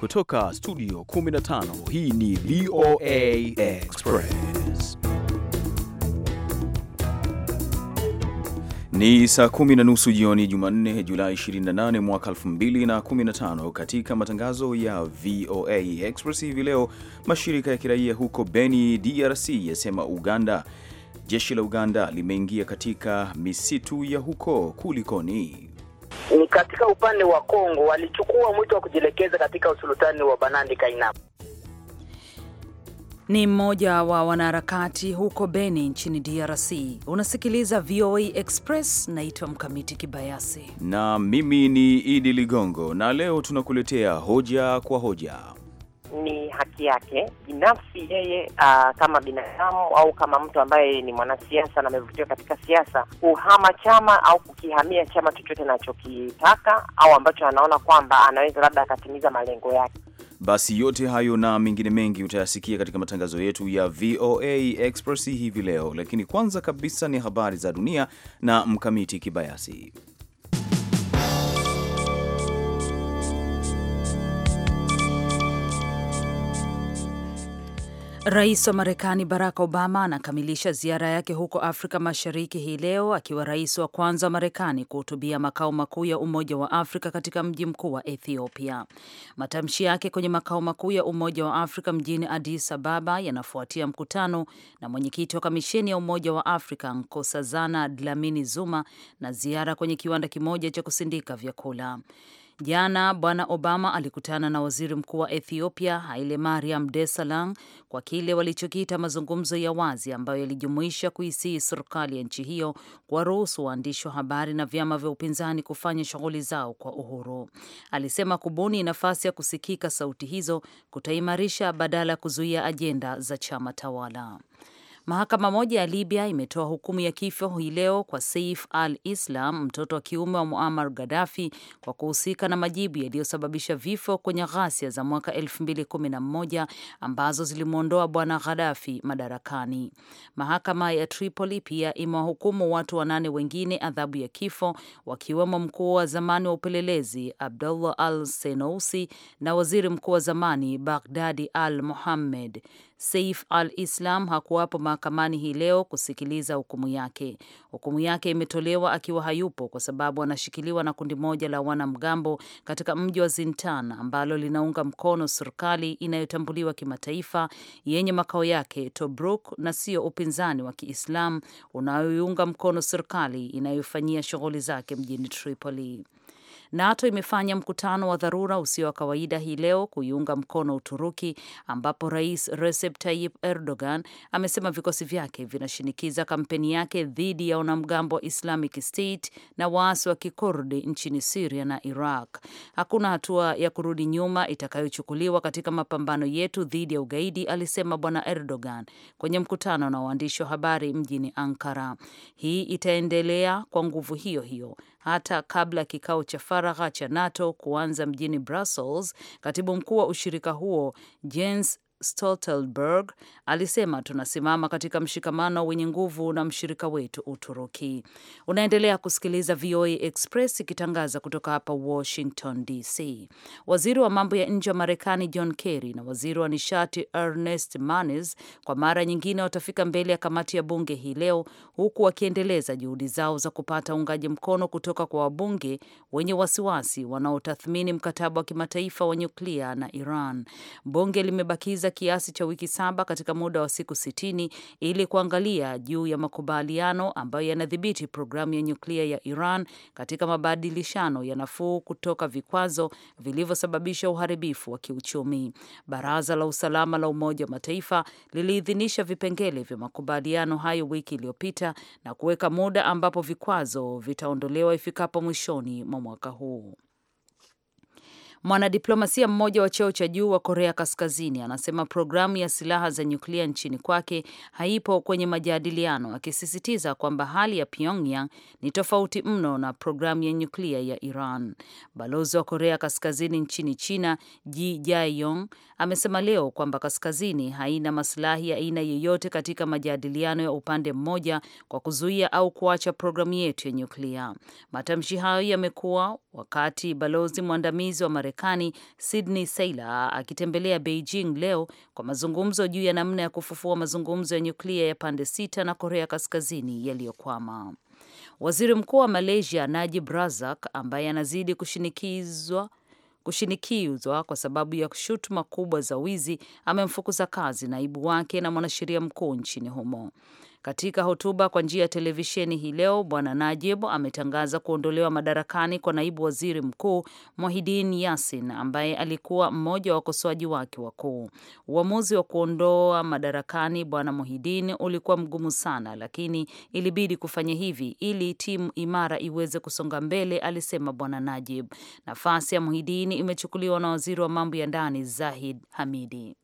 Kutoka studio 15 hii ni VOA Express. Ni saa kumi na nusu jioni Jumanne, Julai 28 mwaka 2015. Katika matangazo ya VOA Express hivi leo, mashirika ya kiraia huko Beni, DRC yasema Uganda, jeshi la Uganda limeingia katika misitu ya huko. Kulikoni? Ni katika upande wa Kongo walichukua mwito wa kujielekeza katika usultani wa Banandi Kainama. Ni mmoja wa wanaharakati huko Beni nchini DRC. Unasikiliza VOA Express, naitwa Mkamiti Kibayasi na mimi ni Idi Ligongo, na leo tunakuletea hoja kwa hoja ni haki yake binafsi yeye, uh, kama binadamu au kama mtu ambaye ni mwanasiasa na amevutiwa katika siasa, kuhama chama au kukihamia chama chochote anachokitaka au ambacho anaona kwamba anaweza labda akatimiza malengo yake. Basi yote hayo na mengine mengi utayasikia katika matangazo yetu ya VOA Express hivi leo, lakini kwanza kabisa ni habari za dunia na Mkamiti Kibayasi. Rais wa Marekani Barack Obama anakamilisha ziara yake huko Afrika Mashariki hii leo akiwa rais wa kwanza wa Marekani kuhutubia makao makuu ya Umoja wa Afrika katika mji mkuu wa Ethiopia. Matamshi yake kwenye makao makuu ya Umoja wa Afrika mjini Addis Ababa yanafuatia mkutano na mwenyekiti wa Kamisheni ya Umoja wa Afrika Nkosazana Dlamini Zuma na ziara kwenye kiwanda kimoja cha kusindika vyakula. Jana Bwana Obama alikutana na waziri mkuu wa Ethiopia Haile Mariam Desalegn kwa kile walichokiita mazungumzo ya wazi ambayo yalijumuisha kuisihi serikali ya nchi hiyo kuwaruhusu waandishi wa habari na vyama vya upinzani kufanya shughuli zao kwa uhuru. Alisema kubuni nafasi ya kusikika sauti hizo kutaimarisha badala ya kuzuia ajenda za chama tawala. Mahakama moja ya Libya imetoa hukumu ya kifo hii leo kwa Saif al-Islam, mtoto wa kiume wa Muammar Gaddafi, kwa kuhusika na majibu yaliyosababisha vifo kwenye ghasia za mwaka 2011 ambazo zilimwondoa bwana Gaddafi madarakani. Mahakama ya Tripoli pia imewahukumu watu wanane wengine adhabu ya kifo, wakiwemo mkuu wa zamani wa upelelezi Abdullah al Senousi na waziri mkuu wa zamani Baghdadi al Muhammed. Saif al-Islam hakuwapo mahakamani hii leo kusikiliza hukumu yake. Hukumu yake imetolewa akiwa hayupo kwa sababu anashikiliwa na kundi moja la wanamgambo katika mji wa Zintan ambalo linaunga mkono serikali inayotambuliwa kimataifa yenye makao yake Tobruk na sio upinzani wa kiislam unayoiunga mkono serikali inayofanyia shughuli zake mjini Tripoli. NATO imefanya mkutano wa dharura usio wa kawaida hii leo kuiunga mkono Uturuki, ambapo Rais Recep Tayyip Erdogan amesema vikosi vyake vinashinikiza kampeni yake dhidi ya wanamgambo wa Islamic State na waasi wa Kikurdi nchini Siria na Iraq. Hakuna hatua ya kurudi nyuma itakayochukuliwa katika mapambano yetu dhidi ya ugaidi, alisema Bwana Erdogan kwenye mkutano na waandishi wa habari mjini Ankara. Hii itaendelea kwa nguvu hiyo hiyo hata kabla kikao cha faragha cha NATO kuanza mjini Brussels. Katibu mkuu wa ushirika huo Jens Stoltenberg alisema tunasimama katika mshikamano wenye nguvu na mshirika wetu Uturuki. Unaendelea kusikiliza VOA Express ikitangaza kutoka hapa Washington DC. Waziri wa mambo ya nje wa Marekani John Kerry na waziri wa nishati Ernest Moniz kwa mara nyingine watafika mbele ya kamati ya bunge hii leo, huku wakiendeleza juhudi zao za kupata uungaji mkono kutoka kwa wabunge wenye wasiwasi wanaotathmini mkataba wa kimataifa wa nyuklia na Iran. Bunge limebakiza kiasi cha wiki saba katika muda wa siku sitini ili kuangalia juu ya makubaliano ambayo yanadhibiti programu ya nyuklia ya Iran katika mabadilishano ya nafuu kutoka vikwazo vilivyosababisha uharibifu wa kiuchumi. Baraza la Usalama la Umoja wa Mataifa liliidhinisha vipengele vya makubaliano hayo wiki iliyopita na kuweka muda ambapo vikwazo vitaondolewa ifikapo mwishoni mwa mwaka huu. Mwanadiplomasia mmoja wa cheo cha juu wa Korea Kaskazini anasema programu ya silaha za nyuklia nchini kwake haipo kwenye majadiliano, akisisitiza kwamba hali ya Pyongyang ni tofauti mno na programu ya nyuklia ya Iran. Balozi wa Korea Kaskazini nchini China Ji Jae-yong amesema leo kwamba Kaskazini haina masilahi ya aina yeyote katika majadiliano ya upande mmoja kwa kuzuia au kuacha programu yetu ya nyuklia. Matamshi hayo yamekuwa wakati balozi mwandamizi wa Marekani Marekani Sydney Sailer akitembelea Beijing leo kwa mazungumzo juu ya namna ya kufufua mazungumzo ya nyuklia ya pande sita na Korea Kaskazini yaliyokwama. Waziri Mkuu wa Malaysia Najib Razak ambaye anazidi kushinikizwa kushinikizwa kwa sababu ya shutuma kubwa za wizi amemfukuza kazi naibu wake na mwanasheria mkuu nchini humo. Katika hotuba kwa njia ya televisheni hii leo, Bwana Najib ametangaza kuondolewa madarakani kwa naibu waziri mkuu Mohidin Yasin ambaye alikuwa mmoja wa wakosoaji wake wakuu. Uamuzi wa kuondoa madarakani Bwana Mohidin ulikuwa mgumu sana, lakini ilibidi kufanya hivi ili timu imara iweze kusonga mbele, alisema Bwana Najib. Nafasi ya Mohidin imechukuliwa na waziri wa mambo ya ndani Zahid Hamidi.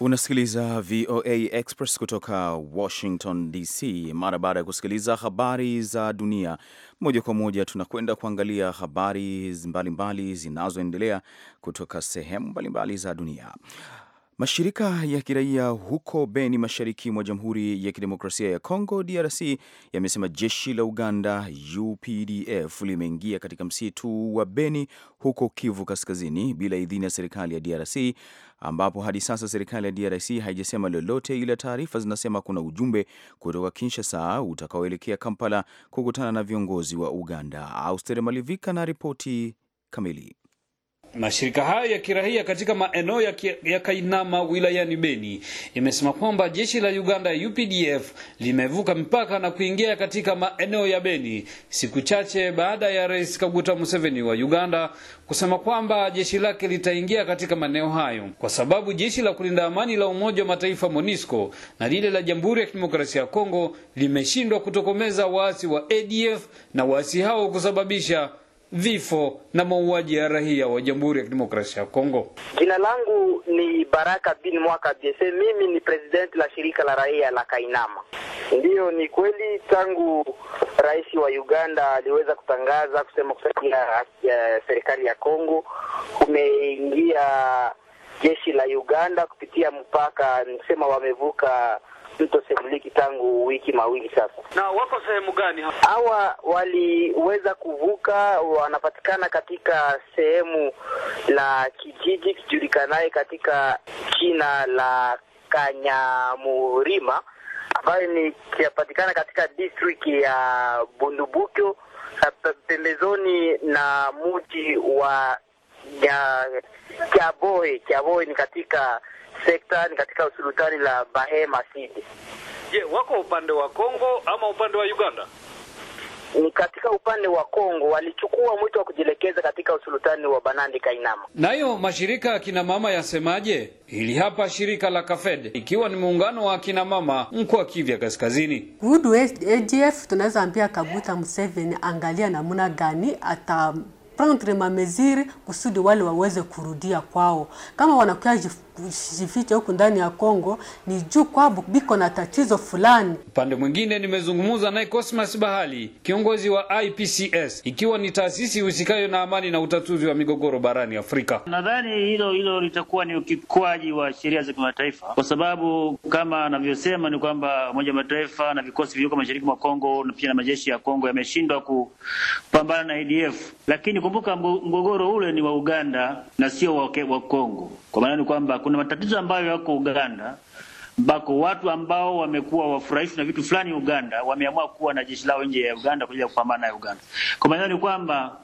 Unasikiliza VOA Express kutoka Washington DC. Mara baada ya kusikiliza habari za dunia moja kwa moja, tunakwenda kuangalia habari mbalimbali zinazoendelea kutoka sehemu mbalimbali za dunia. Mashirika ya kiraia huko Beni, mashariki mwa Jamhuri ya Kidemokrasia ya Kongo, DRC, yamesema jeshi la Uganda, UPDF, limeingia katika msitu wa Beni huko Kivu Kaskazini bila idhini ya serikali ya DRC, ambapo hadi sasa serikali ya DRC haijasema lolote, ila taarifa zinasema kuna ujumbe kutoka Kinshasa utakaoelekea Kampala kukutana na viongozi wa Uganda. Auster Malivika na ripoti kamili. Mashirika hayo ya kirahia katika maeneo ya, ya Kainama wilayani Beni imesema kwamba jeshi la Uganda UPDF limevuka mpaka na kuingia katika maeneo ya Beni siku chache baada ya Rais Kaguta Museveni wa Uganda kusema kwamba jeshi lake litaingia katika maeneo hayo kwa sababu jeshi la kulinda amani la Umoja wa Mataifa MONUSCO na lile la Jamhuri ya Kidemokrasia ya Kongo limeshindwa kutokomeza waasi wa ADF na waasi hao kusababisha vifo na mauaji ya raia wa Jamhuri ya Kidemokrasia ya Kongo. Jina langu ni Baraka bin Mwaka Biese, mimi ni president la shirika la raia la Kainama. Ndiyo, ni kweli tangu rais wa Uganda aliweza kutangaza kusema kusaidia ya serikali ya Kongo kumeingia jeshi la Uganda kupitia mpaka, nisema wamevuka tuto semuliki tangu wiki mawili sasa. Na wako sehemu gani hawa? Waliweza kuvuka, wanapatikana katika sehemu la kijiji kijulikanaye katika jina la Kanyamurima ambayo ni kinapatikana katika district ya Bundubukyo pembezoni na mji wa Kyaboe. Kyaboe ni katika sekta ni katika usultani la Bahema City. Je, wako upande wa Kongo ama upande wa Uganda? Ni katika upande wa Kongo, walichukua mwito wa kujielekeza katika usultani wa Banandi Kainama. Nayo mashirika ya kina mama yasemaje? Ili hapa shirika la Kafed, ikiwa ni muungano wa kina mama mkoa Kivya Kaskazini. Good West ADF tunaweza ambia Kabuta Museveni, angalia namna gani ata prendre ma mesure kusudi wale waweze kurudia kwao, kama wanakuja kujificha huku ndani ya Kongo ni juu kwabu biko na tatizo fulani. Upande mwingine, nimezungumza naye Cosmas Bahali, kiongozi wa IPCS, ikiwa ni taasisi husikayo na amani na utatuzi wa migogoro barani Afrika. Nadhani hilo hilo litakuwa ni ukiukwaji wa sheria za kimataifa, kwa sababu kama anavyosema ni kwamba Umoja wa Mataifa na vikosi vilivyoko mashariki mwa Kongo na pia na majeshi ya Kongo yameshindwa kupambana na ADF, lakini kumbuka mgogoro ule ni wa Uganda na sio wa Kongo, kwa maana ni kwamba kuna matatizo ambayo yako Uganda ambako watu ambao wamekuwa wafurahishwi na vitu fulani Uganda wameamua kuwa na jeshi lao nje ya Uganda kwa ajili ya kupambana na Uganda. Kwa maana ni kwamba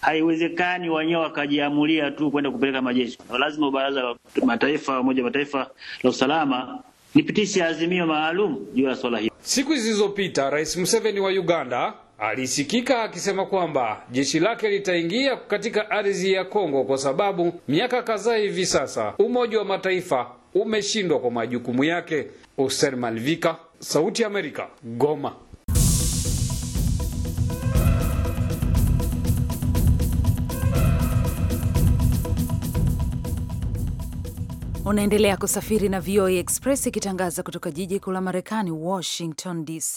haiwezekani wenyewe wakajiamulia tu kwenda kupeleka majeshi. Lazima Baraza la Mataifa, Umoja wa Mataifa la usalama lipitishe azimio maalum juu ya swala hili. Siku zilizopita Rais Museveni wa Uganda alisikika akisema kwamba jeshi lake litaingia katika ardhi ya Kongo kwa sababu miaka kadhaa hivi sasa Umoja wa Mataifa umeshindwa kwa majukumu yake. Oser Malvika, Sauti ya Amerika, Goma. Unaendelea kusafiri na VOA Express ikitangaza kutoka jiji kuu la Marekani, Washington DC.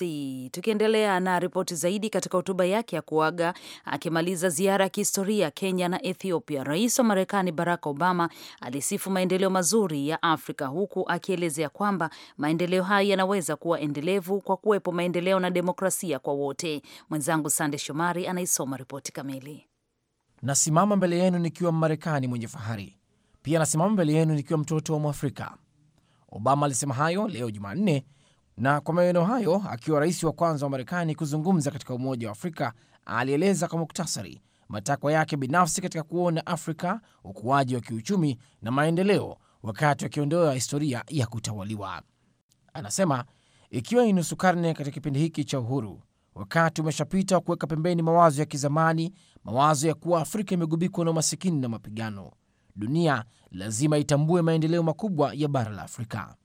Tukiendelea na ripoti zaidi, katika hotuba yake ya kuaga akimaliza ziara ya kihistoria Kenya na Ethiopia, rais wa Marekani Barack Obama alisifu maendeleo mazuri ya Afrika, huku akielezea kwamba maendeleo haya yanaweza kuwa endelevu kwa kuwepo maendeleo na demokrasia kwa wote. Mwenzangu Sande Shomari anaisoma ripoti kamili. Nasimama mbele yenu nikiwa Mmarekani mwenye fahari pia anasimama mbele yenu nikiwa mtoto wa Mwafrika. Obama alisema hayo leo Jumanne, na kwa maneno hayo, akiwa rais wa kwanza wa Marekani kuzungumza katika Umoja wa Afrika, alieleza kwa muktasari matakwa yake binafsi katika kuona Afrika ukuaji wa kiuchumi na maendeleo, wakati akiondoa historia ya kutawaliwa. Anasema ikiwa ni nusu karne katika kipindi hiki cha uhuru, wakati umeshapita wa kuweka pembeni mawazo ya kizamani, mawazo ya kuwa Afrika imegubikwa na umasikini na mapigano dunia lazima itambue maendeleo makubwa ya bara la Afrika.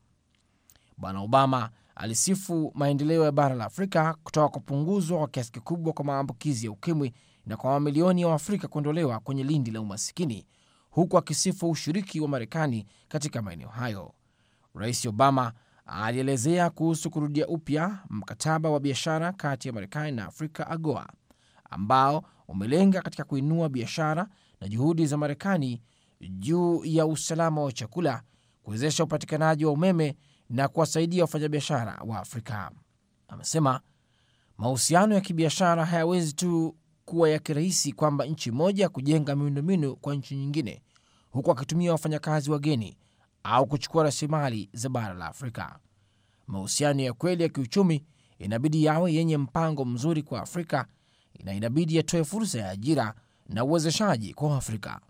Bwana Obama alisifu maendeleo ya bara la Afrika kutoka kupunguzwa kwa kiasi kikubwa kwa maambukizi ya ukimwi na kwa mamilioni ya Waafrika kuondolewa kwenye lindi la umasikini, huku akisifu ushiriki wa Marekani katika maeneo hayo. Rais Obama alielezea kuhusu kurudia upya mkataba wa biashara kati ya Marekani na Afrika, AGOA, ambao umelenga katika kuinua biashara na juhudi za Marekani juu ya usalama wa chakula, kuwezesha upatikanaji wa umeme na kuwasaidia wafanyabiashara wa Afrika. Amesema mahusiano ya kibiashara hayawezi tu kuwa ya kirahisi kwamba nchi moja kujenga miundombinu kwa nchi nyingine huku akitumia wafanyakazi wageni au kuchukua rasilimali za bara la Afrika. Mahusiano ya kweli ya kiuchumi inabidi yawe yenye mpango mzuri kwa Afrika na inabidi yatoe fursa ya ajira na uwezeshaji kwa Afrika.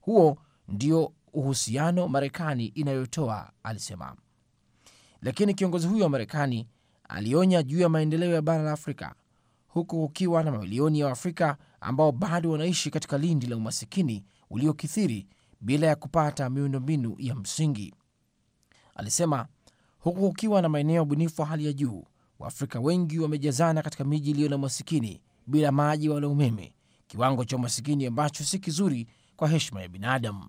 Huo ndio uhusiano Marekani inayotoa, alisema. Lakini kiongozi huyo wa Marekani alionya juu ya maendeleo ya bara la Afrika, huku kukiwa na mamilioni ya Waafrika ambao bado wanaishi katika lindi la umasikini uliokithiri bila ya kupata miundombinu ya msingi. Alisema huku kukiwa na maeneo bunifu wa hali ya juu, Waafrika wengi wamejazana katika miji iliyo na umasikini, bila maji wala umeme, kiwango cha umasikini ambacho si kizuri kwa heshima ya binadamu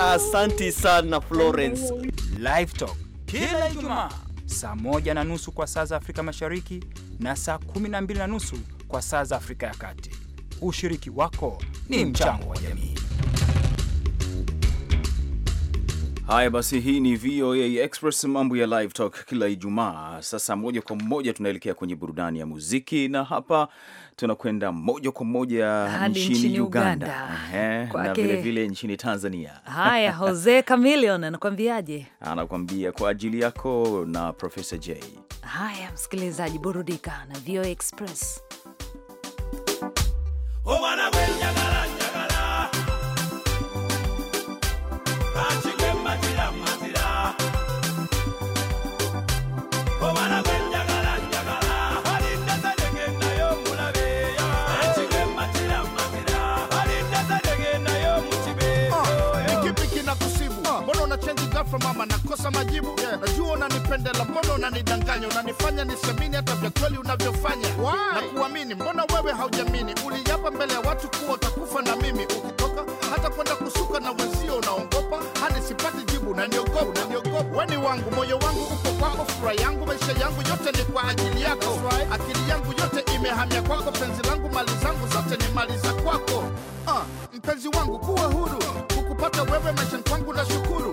Asanti sana oh, Florence. Oh, oh. Live Talk kila Ijumaa saa moja na nusu kwa saa za Afrika Mashariki na saa kumi na mbili na nusu kwa saa za Afrika ya Kati. Ushiriki wako ni mchango wa jamii. Haya basi, hii ni VOA Express, mambo ya Live Talk kila Ijumaa. Sasa moja kwa moja tunaelekea kwenye burudani ya muziki, na hapa tunakwenda moja kwa moja nchini, Uganda, na vilevile nchini Tanzania. Haya, Jose Camilion anakuambiaje? Anakuambia kwa ajili yako na Profesa J. Haya msikilizaji, burudika na VOA Express. Oh, majibu yeah. Najua unanipendela, mbona unanidanganya, unanifanya nisemini hata vya kweli unavyofanya na kuamini. Mbona wewe haujamini? uliyapa mbele ya watu kuwa utakufa na mimi, ukitoka hata kwenda kusuka na wenzio unaongopa, hadi sipati jibu, unaniogopa, unaniogopa. Weni wangu, moyo wangu uko kwako, furaha yangu, maisha yangu yote ni kwa ajili yako, akili yangu yote imehamia kwako, penzi langu, mali zangu zote ni mali za kwako. Uh, mpenzi wangu, kuwa huru, kukupata wewe maisha kwangu na shukuru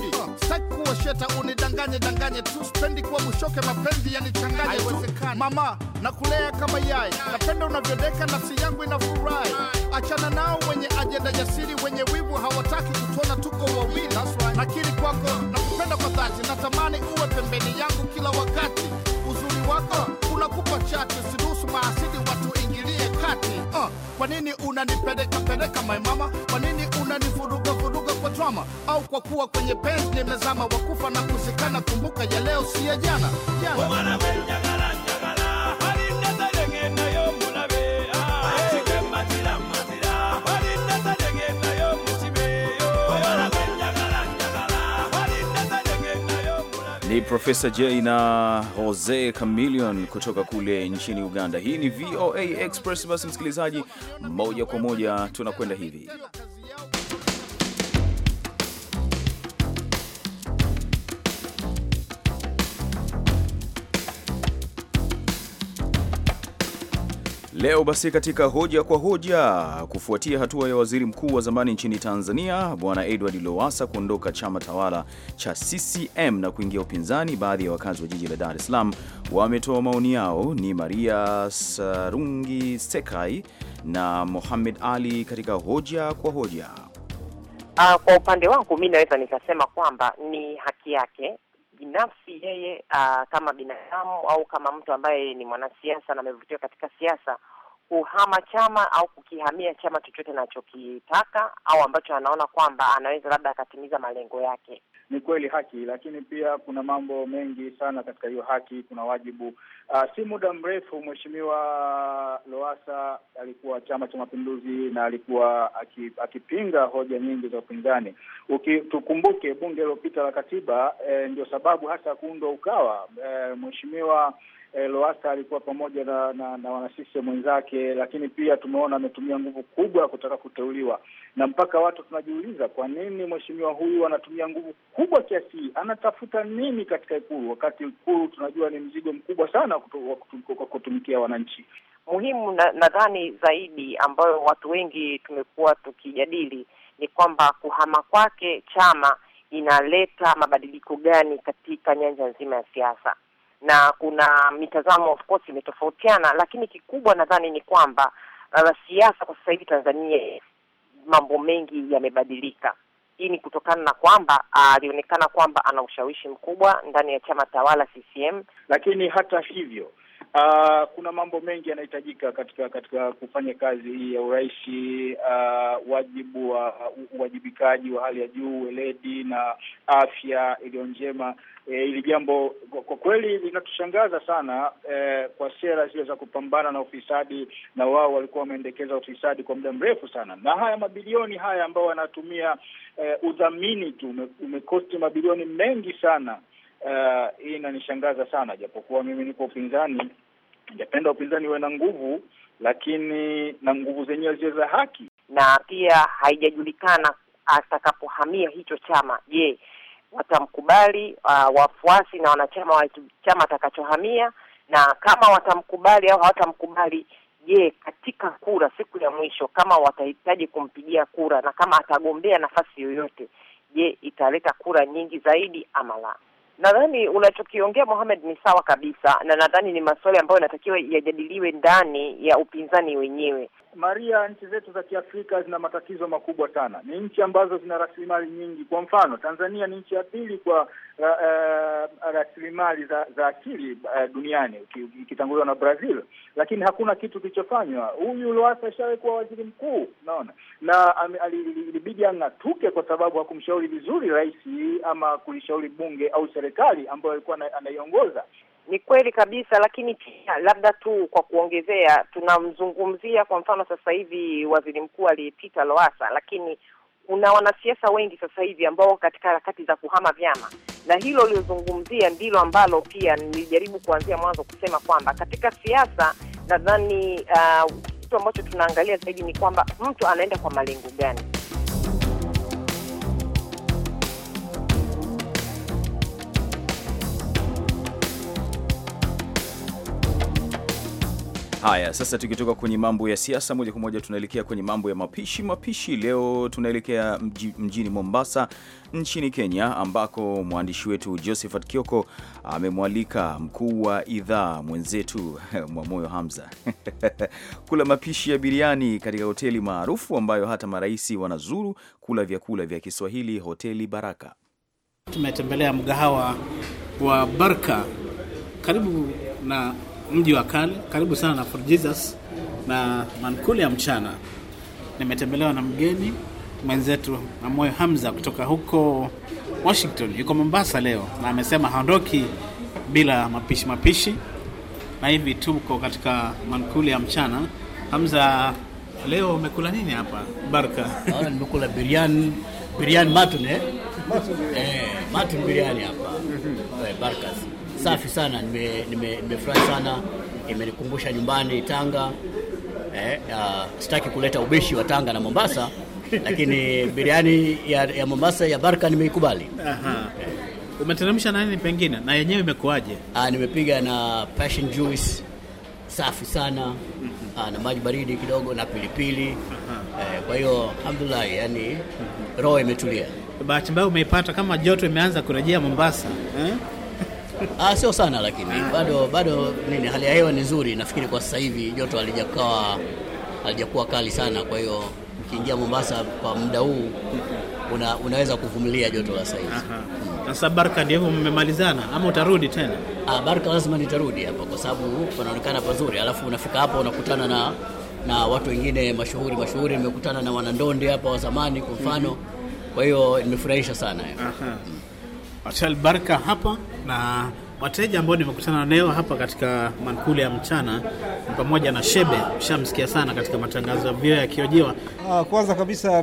Unisheta unidanganye danganye tu, spendi kuwa mushoke mapenzi yanichanganye tu. Mama nakulea kama yai, napenda unavyodeka, nafsi yangu inafurahi. Achana nao wenye ajenda jasiri, wenye wivu hawataki kutona tuko wawili. Nakiri kwako nakupenda kwa dhati, natamani uwe pembeni yangu kila wakati. Uzuri wako unakupa chati, usiruhusu maasidi watu hataki uh, ah, kwa nini unanipeleka peleka my mama? Kwa nini unanifuruga furuga kwa drama? Au kwa kuwa kwenye pens nimezama, wakufa na kuzikana, kumbuka ya leo si ya jana jana. Ni Profesa J na Jose Chameleon kutoka kule nchini Uganda. Hii ni VOA Express. Basi msikilizaji, moja kwa moja tunakwenda hivi Leo basi katika hoja kwa hoja, kufuatia hatua ya waziri mkuu wa zamani nchini Tanzania Bwana Edward Lowassa kuondoka chama tawala cha CCM na kuingia upinzani, baadhi ya wakazi wa jiji la Dar es Salaam wametoa maoni yao. Ni Maria Sarungi Sekai na Mohamed Ali katika hoja kwa hoja. Uh, kwa upande wangu mi naweza nikasema kwamba ni haki yake binafsi yeye uh, kama binadamu au kama mtu ambaye ni mwanasiasa na amevutiwa katika siasa kuhama chama au kukihamia chama chochote anachokitaka au ambacho anaona kwamba anaweza labda akatimiza malengo yake ni kweli haki, lakini pia kuna mambo mengi sana katika hiyo haki, kuna wajibu. Uh, si muda mrefu mheshimiwa loasa alikuwa Chama cha Mapinduzi na alikuwa akipinga hoja nyingi za upinzani. Tukumbuke bunge lililopita la katiba, eh, ndio sababu hasa ya kuundwa Ukawa. Eh, mheshimiwa eh, Loasa alikuwa pamoja na, na, na wanasisiemu wenzake, lakini pia tumeona ametumia nguvu kubwa ya kutaka kuteuliwa, na mpaka watu tunajiuliza kwa nini mheshimiwa huyu anatumia nguvu kubwa kiasi hii, anatafuta nini katika Ikulu wakati Ikulu tunajua ni mzigo mkubwa sana kwa kutumikia wananchi. Muhimu nadhani na zaidi ambayo watu wengi tumekuwa tukijadili ni kwamba kuhama kwake chama inaleta mabadiliko gani katika nyanja nzima ya siasa na kuna mitazamo of course imetofautiana, lakini kikubwa nadhani ni kwamba uh, siasa kwa sasa hivi Tanzania mambo mengi yamebadilika. Hii ni kutokana na kwamba uh, alionekana uh, kwamba ana ushawishi mkubwa ndani ya chama tawala CCM, lakini hata hivyo Uh, kuna mambo mengi yanahitajika katika katika kufanya kazi hii ya urais. Uh, ah, wajibu wa uh, uwajibikaji wa hali ya juu, weledi na afya iliyo njema. E, hili e, jambo kwa kweli linatushangaza sana e, kwa sera zile za kupambana na ufisadi, na wao walikuwa wameendekeza ufisadi kwa muda mrefu sana, na haya mabilioni haya ambao wanatumia e, udhamini tu umekosti mabilioni mengi sana Eh, hii uh, inanishangaza sana, japokuwa mimi niko upinzani, ningependa upinzani uwe na nguvu, lakini na nguvu zenyewe ziwe za haki, na pia haijajulikana atakapohamia hicho chama, je, watamkubali uh, wafuasi na wanachama wa chama atakachohamia, na kama watamkubali au hawatamkubali Je, katika kura siku ya mwisho, kama watahitaji kumpigia kura na kama atagombea nafasi yoyote, je, italeta kura nyingi zaidi ama la? Nadhani unachokiongea Mohamed ni sawa kabisa, na nadhani ni maswali ambayo yanatakiwa yajadiliwe ndani ya upinzani wenyewe. Maria, nchi zetu za Kiafrika zina matatizo makubwa sana. Ni nchi ambazo zina rasilimali nyingi. Kwa mfano, Tanzania ni nchi ya pili kwa uh, uh, rasilimali za, za akili uh, duniani ikitanguliwa na Brazil, lakini hakuna kitu kilichofanywa. Huyu shawe kuwa waziri mkuu, naona na ilibidi ang'atuke kwa sababu hakumshauri vizuri rais ama kulishauri bunge au serikali ambayo alikuwa anaiongoza. Ni kweli kabisa, lakini pia labda tu kwa kuongezea, tunamzungumzia kwa mfano sasa hivi waziri mkuu aliyepita loasa lakini kuna wanasiasa wengi sasa hivi ambao katika harakati za kuhama vyama, na hilo lilozungumzia ndilo ambalo pia nilijaribu kuanzia mwanzo kusema kwamba katika siasa nadhani uh, kitu ambacho tunaangalia zaidi ni kwamba mtu anaenda kwa malengo gani. Haya, sasa tukitoka kwenye mambo ya siasa moja kwa moja tunaelekea kwenye mambo ya mapishi. Mapishi leo tunaelekea mji, mjini Mombasa nchini Kenya, ambako mwandishi wetu Josephat Kioko amemwalika mkuu wa idhaa mwenzetu Mwamoyo Hamza kula mapishi ya biriani katika hoteli maarufu ambayo hata marais wanazuru kula vyakula vya Kiswahili, hoteli Baraka. Tumetembelea mgahawa wa Baraka karibu na mji wa kale karibu sana na Fort Jesus na mankuli ya mchana. Nimetembelewa na mgeni mwenzetu na moyo Hamza kutoka huko Washington, yuko Mombasa leo na amesema haondoki bila mapishi mapishi, na hivi tuko katika mankuli ya mchana. Hamza, leo umekula nini hapa Barka? Nimekula biriani, biriani matune, matun, eh, eh biriani hapa mhm. eh, Barkas safi sana, nimefurahi nime, sana, imenikumbusha nyumbani Tanga. Eh, uh, sitaki kuleta ubishi wa Tanga na Mombasa lakini biriani ya, ya Mombasa ya Barka nimeikubali. Aha. Eh. Umeteremsha nani pengine na yenyewe imekuaje? Ah, nimepiga na passion juice safi sana mm -hmm. Aa, ah, na maji baridi kidogo na pilipili eh, kwa hiyo alhamdulillah, yani mhm. roho imetulia. Bahati mbaya umeipata kama joto imeanza kurejea Mombasa eh? Ah, sio sana lakini bado bado nini, hali ya hewa ni nzuri. Nafikiri kwa sasa hivi joto halijakaa halijakuwa kali sana, kwa hiyo ukiingia Mombasa kwa muda huu una, unaweza kuvumilia joto la sasa hivi. Sasa Barka, ndio mmemalizana ama utarudi tena? Ah, Barka lazima nitarudi hapa kwa sababu panaonekana pazuri, alafu unafika hapa unakutana na na watu wengine mashuhuri mashuhuri. Nimekutana na wanandondi hapa wa zamani kwa mfano, mhm. kwa hiyo nimefurahisha sana. Aha. Marshal Barka hapa na wateja ambao nimekutana nao hapa katika mankuli ya mchana pamoja na Shebe, shamsikia sana katika matangazo ya vio yakiojiwa. Ah, kwanza kabisa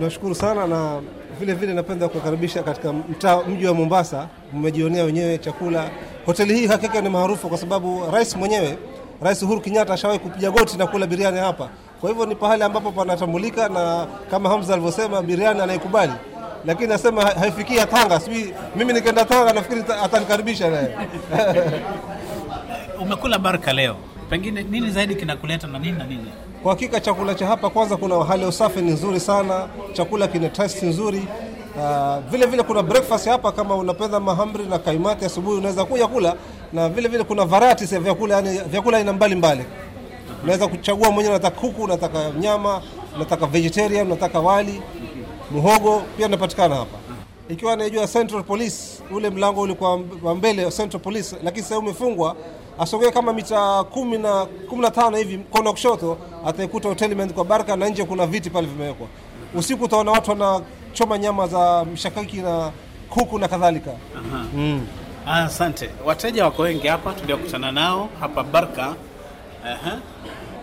nashukuru sana na vile vile napenda kuwakaribisha katika mtaa mji wa Mombasa. Mmejionea wenyewe chakula. Hoteli hii hakika ni maarufu kwa sababu rais mwenyewe, Rais Uhuru Kenyatta ashawahi kupiga goti na kula biriani hapa. Kwa hivyo ni pahali ambapo panatambulika, na kama Hamza alivyosema, biriani anaikubali lakini nasema haifikia Tanga. Sijui mimi nikaenda Tanga, nafikiri atanikaribisha naye. Umekula baraka leo, pengine nini zaidi kinakuleta na nini na nini? Kwa hakika chakula cha hapa kwanza, kuna hali ya usafi ni nzuri sana, chakula kina taste nzuri. Uh, vile vile kuna breakfast hapa, kama unapenda mahamri na kaimati asubuhi unaweza kuja kula, na vile vile kuna varieties ya vyakula, yani vyakula aina mbalimbali unaweza kuchagua mwenyewe, unataka kuku, unataka nyama, unataka vegetarian, unataka wali Muhogo pia napatikana hapa, ikiwa anaijua Central Police, ule mlango ulikuwa wa mbele wa Central Police, lakini sasa umefungwa. Asogee kama mita kumi na kumi na tano hivi kona kushoto, ataikuta hoteli imeandikwa kwa Baraka, na nje kuna viti pale vimewekwa. Usiku utaona watu wanachoma nyama za mshakaki na kuku na kadhalika. Mm. Asante. Wateja wako wengi hapa tuliokutana nao hapa Baraka.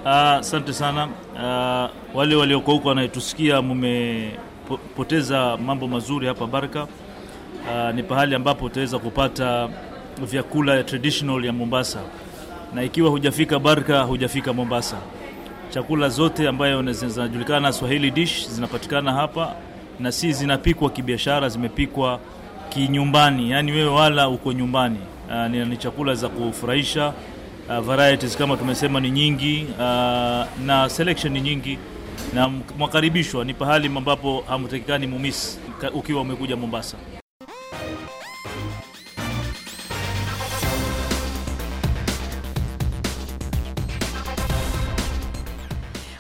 Ah, asante sana. Uh, wale walioko huko wanaitusikia mume kupoteza mambo mazuri hapa Baraka. Uh, ni pahali ambapo utaweza kupata vyakula ya traditional ya Mombasa, na ikiwa hujafika Baraka, hujafika Mombasa. Chakula zote ambayo zinajulikana Swahili dish zinapatikana hapa, na si zinapikwa kibiashara, zimepikwa kinyumbani, yani wewe wala uko nyumbani. Uh, ni, ni chakula za kufurahisha. Uh, varieties kama tumesema ni nyingi, uh, na selection ni nyingi na mwakaribishwa. Ni pahali ambapo hamtakikani mumisi ukiwa umekuja Mombasa.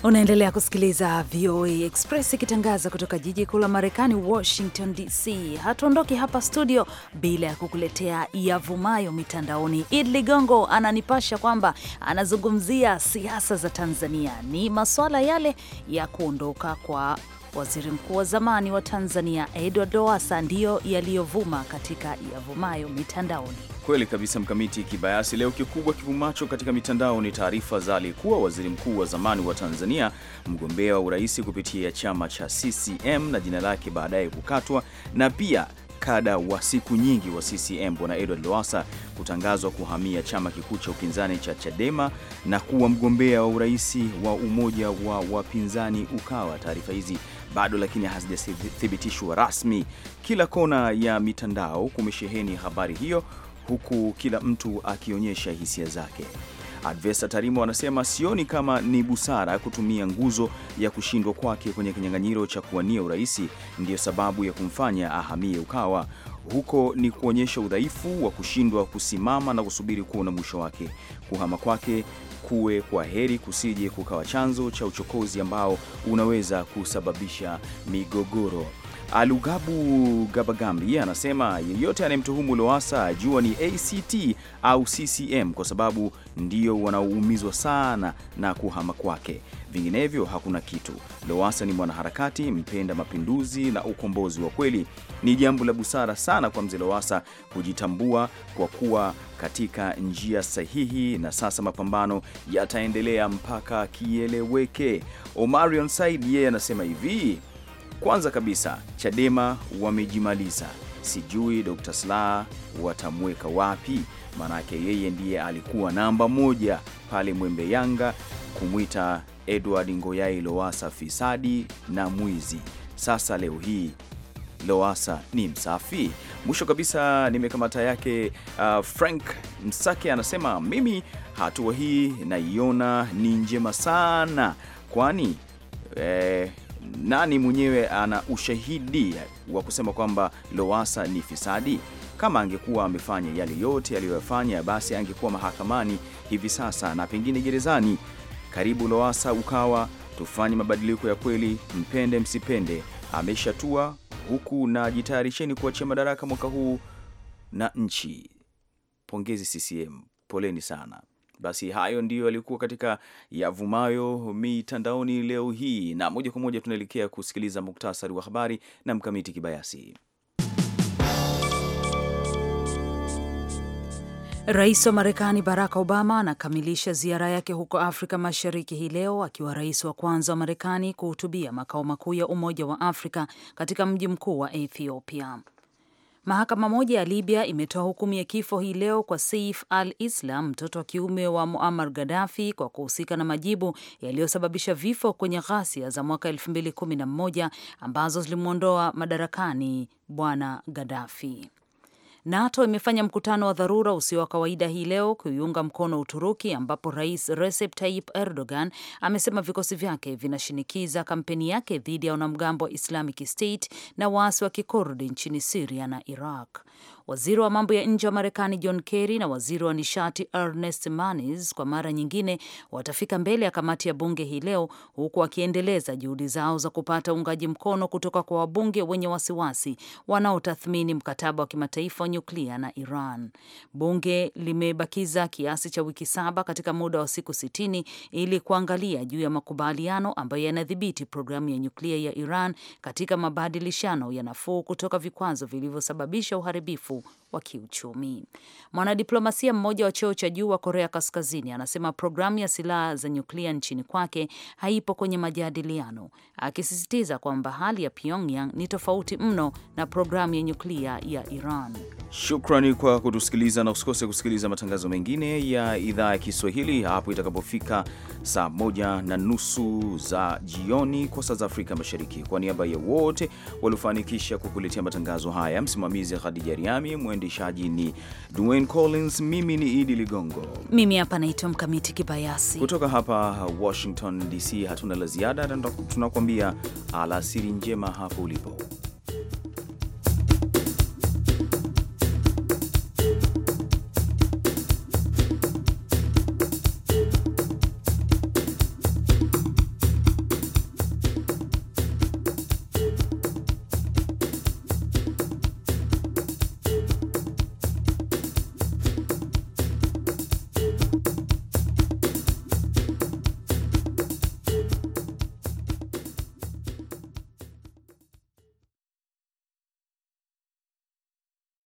Unaendelea kusikiliza VOA Express ikitangaza kutoka jiji kuu la Marekani, Washington DC. Hatuondoki hapa studio bila ya kukuletea yavumayo mitandaoni. Id Ligongo ananipasha kwamba anazungumzia siasa za Tanzania, ni masuala yale ya kuondoka kwa waziri mkuu wa zamani wa Tanzania Edward Lowassa ndiyo yaliyovuma katika yavumayo mitandaoni. Kweli kabisa mkamiti kibayasi. Leo kikubwa kivumacho katika mitandao ni taarifa za aliyekuwa waziri mkuu wa zamani wa Tanzania, mgombea wa urais kupitia chama cha CCM na jina lake baadaye kukatwa, na pia kada wa siku nyingi wa CCM bwana Edward Lowassa kutangazwa kuhamia chama kikuu cha upinzani cha Chadema na kuwa mgombea wa urais wa umoja wa wapinzani Ukawa. Taarifa hizi bado lakini hazijathibitishwa rasmi. Kila kona ya mitandao kumesheheni habari hiyo huku kila mtu akionyesha hisia zake. advesa Tarimo anasema sioni kama ni busara kutumia nguzo ya kushindwa kwake kwenye kinyang'anyiro cha kuwania urahisi ndiyo sababu ya kumfanya ahamie Ukawa. Huko ni kuonyesha udhaifu wa kushindwa kusimama na kusubiri kuona mwisho wake. Kuhama kwake kuwe kwa heri, kusije kukawa chanzo cha uchokozi ambao unaweza kusababisha migogoro alugabu Gabagambi anasema yeyote anayemtuhumu loasa jua ni ACT au CCM kwa sababu ndio wanaoumizwa sana na kuhama kwake, vinginevyo hakuna kitu. lowasa ni mwanaharakati mpenda mapinduzi na ukombozi wa kweli. Ni jambo la busara sana kwa mzee lowasa kujitambua kwa kuwa katika njia sahihi, na sasa mapambano yataendelea mpaka kieleweke. Omarion Said yeye anasema hivi kwanza kabisa Chadema wamejimaliza, sijui Dr. Slaa watamweka wapi, maanake yeye ndiye alikuwa namba moja pale Mwembe Yanga kumwita Edward Ngoyai Lowasa fisadi na mwizi. Sasa leo hii Lowasa ni msafi. Mwisho kabisa nimekamata yake uh, Frank Msake anasema mimi hatua hii naiona ni njema sana, kwani eh, nani mwenyewe ana ushahidi wa kusema kwamba lowasa ni fisadi? Kama angekuwa amefanya yale yote aliyoyafanya, basi angekuwa mahakamani hivi sasa na pengine gerezani. Karibu Lowasa ukawa tufanye mabadiliko ya kweli, mpende msipende, ameshatua huku, na jitayarisheni kuachia madaraka mwaka huu na nchi. Pongezi CCM, poleni sana. Basi hayo ndiyo yalikuwa katika yavumayo mitandaoni leo hii, na moja kwa moja tunaelekea kusikiliza muktasari wa habari na Mkamiti Kibayasi. Rais wa Marekani Barack Obama anakamilisha ziara yake huko Afrika Mashariki hii leo akiwa rais wa kwanza wa Marekani kuhutubia makao makuu ya Umoja wa Afrika katika mji mkuu wa Ethiopia. Mahakama moja ya Libya imetoa hukumu ya kifo hii leo kwa Saif al-Islam, mtoto wa kiume wa Muammar Gaddafi, kwa kuhusika na majibu yaliyosababisha vifo kwenye ghasia za mwaka 2011 ambazo zilimwondoa madarakani bwana Gaddafi. NATO imefanya mkutano wa dharura usio wa kawaida hii leo kuiunga mkono Uturuki, ambapo Rais Recep Tayyip Erdogan amesema vikosi vyake vinashinikiza kampeni yake dhidi ya wanamgambo wa Islamic State na waasi wa Kikurdi nchini Siria na Iraq. Waziri wa mambo ya nje wa Marekani John Kerry na waziri wa nishati Ernest Moniz kwa mara nyingine watafika mbele ya kamati ya bunge hii leo, huku wakiendeleza juhudi zao za kupata uungaji mkono kutoka kwa wabunge wenye wasiwasi wanaotathmini mkataba wa kimataifa wa nyuklia na Iran. Bunge limebakiza kiasi cha wiki saba katika muda wa siku sitini ili kuangalia juu ya makubaliano ambayo yanadhibiti programu ya nyuklia ya Iran katika mabadilishano ya nafuu kutoka vikwazo vilivyosababisha uharibifu know wa kiuchumi. Mwanadiplomasia mmoja wa cheo cha juu wa Korea Kaskazini anasema programu ya silaha za nyuklia nchini kwake haipo kwenye majadiliano, akisisitiza kwamba hali ya Pyongyang ni tofauti mno na programu ya nyuklia ya Iran. Shukrani kwa kutusikiliza na usikose kusikiliza matangazo mengine ya idhaa ya Kiswahili hapo itakapofika saa moja na nusu za jioni kwa saa za Afrika Mashariki. Kwa niaba ya wote waliofanikisha kukuletea matangazo haya, msimamizi Khadija Riami mwendeshaji ni Dwayne Collins. Mimi ni Idi Ligongo, mimi hapa naitwa Mkamiti Kibayasi kutoka hapa Washington DC. Hatuna la ziada, tunakuambia alasiri njema hapo ulipo.